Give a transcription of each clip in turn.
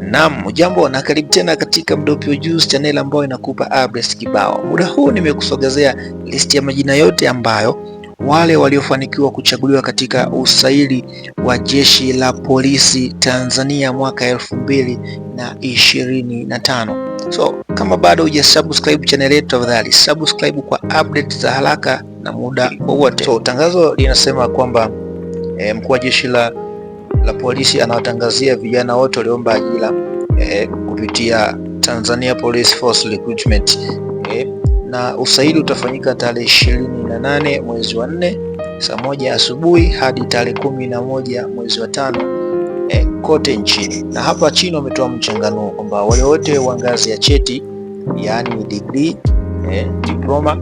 Naam, jambo na karibu tena katika mdopio Juice channel ambayo inakupa updates kibao. Muda huu nimekusogezea listi ya majina yote ambayo wale waliofanikiwa kuchaguliwa katika usaili wa Jeshi la Polisi Tanzania mwaka elfu mbili na ishirini na tano. So kama bado hujasubscribe channel yetu, tafadhali subscribe kwa update za haraka na muda wowote. So tangazo linasema kwamba eh, mkuu wa jeshi la la polisi anawatangazia vijana wote waliomba ajira eh, kupitia Tanzania Police Force Recruitment eh, na usaili utafanyika tarehe ishirini na nane mwezi wa nne saa moja asubuhi hadi tarehe kumi na moja mwezi wa tano eh, kote nchini. Na hapa chini wametoa mchanganuo kwamba wale wote wa ngazi ya cheti yaani degree eh, diploma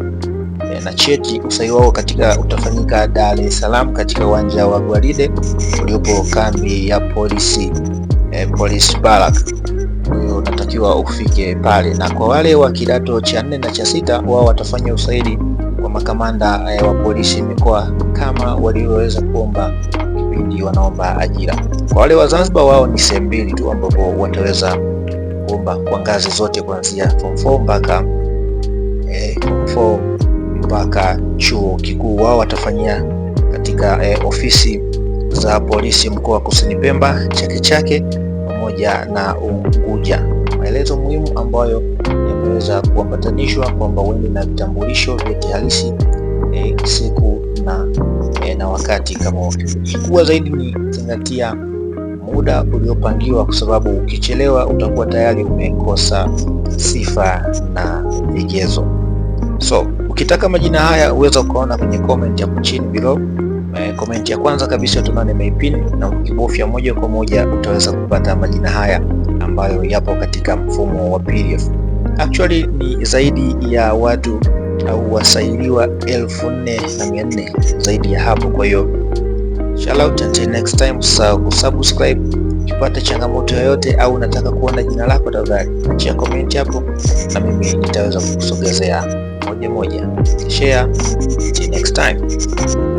na cheti. Usaili wao katika utafanyika Dar es Salaam katika uwanja wa Gwaride uliopo kambi ya polisi eh, police barrack. unatakiwa ufike pale, na kwa wale wa kidato cha nne na cha sita wao watafanya usaili kwa makamanda eh, wa polisi mikoa kama walivyoweza kuomba kipindi wanaomba ajira. Kwa wale wa Zanzibar wao ni sehemu mbili tu ambapo wataweza kuomba kwa ngazi zote kuanzia form 4 mpaka eh, form 4 mpaka chuo kikuu. Wao watafanyia katika e, ofisi za polisi mkoa wa Kusini Pemba, Chake Chake pamoja na Unguja. Maelezo muhimu ambayo yameweza kuambatanishwa kwamba wewe na vitambulisho, vyeti halisi, e, eh, siku na, e, na wakati kama kikubwa zaidi ni zingatia muda uliopangiwa kwa sababu ukichelewa utakuwa tayari umekosa sifa na vigezo. So Ukitaka majina haya uweza kuona kwenye comment hapo chini below. Eh, comment ya kwanza kabisa tuna nimeipin na ukibofya moja kwa moja utaweza kupata majina haya ambayo yapo katika mfumo wa PDF. Actually ni zaidi ya watu au wasailiwa elfu nne na mia nne zaidi ya hapo. Kwa hiyo shout out, until next time, usahau kusubscribe. Ukipata changamoto yoyote au unataka kuona jina lako tafadhali, achia comment hapo na mimi nitaweza kukusogezea moja moja. Share, see you next time.